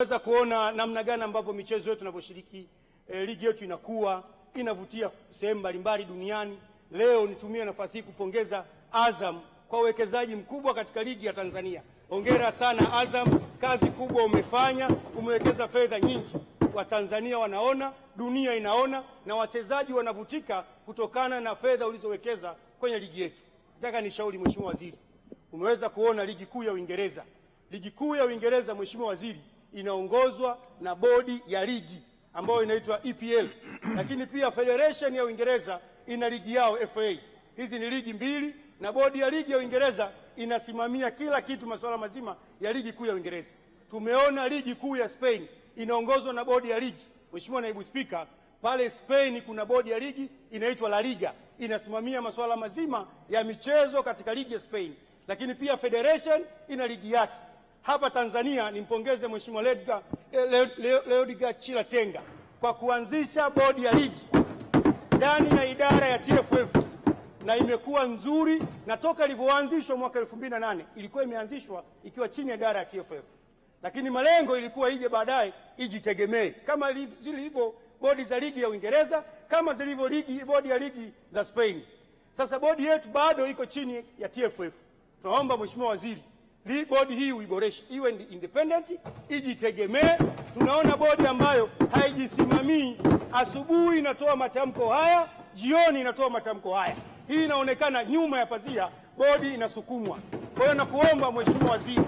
Weza kuona namna gani ambavyo michezo yetu inavyoshiriki e, ligi yetu inakuwa inavutia sehemu mbalimbali duniani. Leo nitumie nafasi hii kupongeza Azam kwa uwekezaji mkubwa katika ligi ya Tanzania. Hongera sana Azam, kazi kubwa umefanya, umewekeza fedha nyingi. Watanzania wanaona, dunia inaona na wachezaji wanavutika kutokana na fedha ulizowekeza kwenye ligi yetu. Nataka nishauri Mheshimiwa Waziri, umeweza kuona ligi kuu ya Uingereza. Ligi kuu ya Uingereza, Mheshimiwa Waziri inaongozwa na bodi ya ligi ambayo inaitwa EPL, lakini pia Federation ya Uingereza ina ligi yao FA. Hizi ni ligi mbili, na bodi ya ligi ya Uingereza inasimamia kila kitu, masuala mazima ya ligi kuu ya Uingereza. Tumeona ligi kuu ya Spain inaongozwa na bodi ya ligi. Mheshimiwa Naibu Spika, pale Spain kuna bodi ya ligi inaitwa La Liga, inasimamia masuala mazima ya michezo katika ligi ya Spain, lakini pia Federation ina ligi yake hapa Tanzania, nimpongeze Mheshimiwa Leodgar Leodgar Chila Tenga kwa kuanzisha bodi ya ligi ndani ya idara ya TFF na imekuwa nzuri, na toka ilivyoanzishwa mwaka nane ilikuwa imeanzishwa ikiwa chini ya idara ya TFF, lakini malengo ilikuwa ije baadaye ijitegemee kama zilivyo bodi za ligi ya Uingereza, kama zilivyo ligi bodi ya ligi za Spain. Sasa bodi yetu bado iko chini ya TFF. Tunaomba Mheshimiwa Waziri hii bodi hii uiboreshe, iwe ni independent, ijitegemee. Tunaona bodi ambayo haijisimamii, asubuhi inatoa matamko haya, jioni inatoa matamko haya. Hii inaonekana nyuma ya pazia, bodi inasukumwa. Kwa hiyo nakuomba Mheshimiwa Waziri,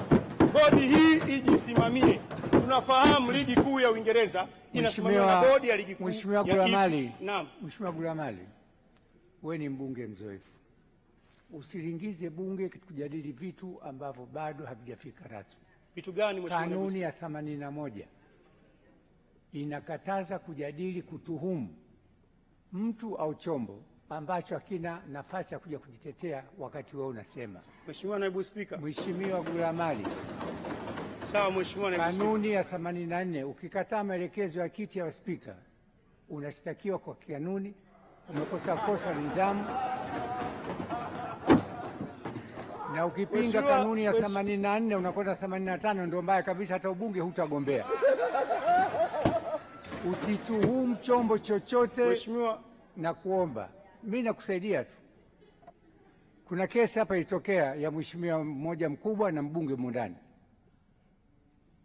bodi hii ijisimamie. Tunafahamu ligi kuu ya Uingereza inasimamiwa na bodi ya ligi kuu. Mheshimiwa Gulamali, naam. Mheshimiwa Gulamali, wewe ni mbunge mzoefu Usilingize bunge kujadili vitu ambavyo bado havijafika rasmi. Vitu gani mheshimiwa? Kanuni ya themanini na moja inakataza kujadili kutuhumu mtu au chombo ambacho hakina nafasi ya kuja kujitetea wakati wewe unasema. Mheshimiwa naibu Spika. Mheshimiwa Gulamali. Sawa mheshimiwa naibu Spika. Kanuni ya 84 ukikataa maelekezo ya kiti ya spika unashtakiwa kwa kanuni, umekosa kosa nidhamu na ukipinga kanuni ya themanini na nne unakwenda themanini na tano ndio mbaya kabisa, hata ubunge hutagombea. Usituhumu chombo chochote. Mheshimiwa, kuomba mi nakusaidia tu. Kuna kesi hapa ilitokea ya mheshimiwa mmoja mkubwa na mbunge mundani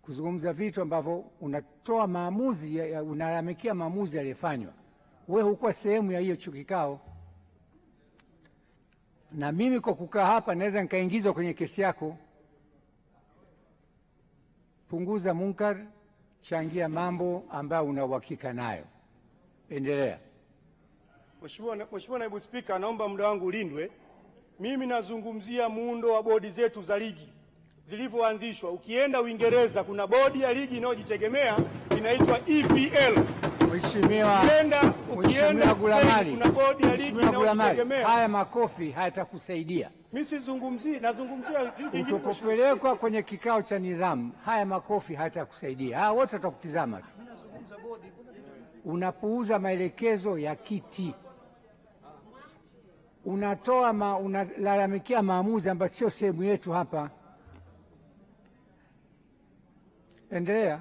kuzungumza vitu ambavyo unatoa maamuzi, unalalamikia maamuzi yaliyofanywa. Wewe hukuwa sehemu ya hiyo chukikao kikao na mimi kwa kukaa hapa naweza nikaingizwa kwenye kesi yako. Punguza munkar, changia mambo ambayo una uhakika nayo. Endelea. Mheshimiwa Naibu Spika, naomba muda wangu ulindwe. Mimi nazungumzia muundo wa bodi zetu za ligi zilivyoanzishwa. Ukienda Uingereza kuna bodi ya ligi inayojitegemea inaitwa EPL. Mheshimiwa Gulamani, haya makofi hayatakusaidia. Mimi sizungumzii, nazungumzia utakapopelekwa kwenye kikao cha nidhamu. Haya makofi hayatakusaidia, hawa wote watakutizama tu. Unapuuza maelekezo ya kiti, unatoa ma, unalalamikia maamuzi ambayo sio sehemu yetu hapa. Endelea.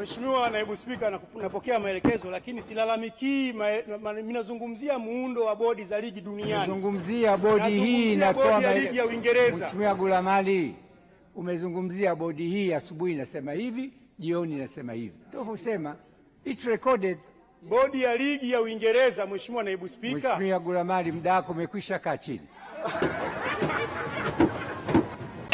Mheshimiwa Naibu Spika, napokea maelekezo lakini silalamikii ma, ninazungumzia muundo wa bodi za ligi duniani. Nazungumzia bodi hii ya ligi ya Uingereza. Mheshimiwa Gulamali, umezungumzia bodi hii asubuhi, nasema hivi, jioni nasema hivi. Tofu sema it's recorded. Bodi ya ligi ya Uingereza, Mheshimiwa Naibu Spika. Mheshimiwa Gulamali, muda wako umekwisha, kaa chini.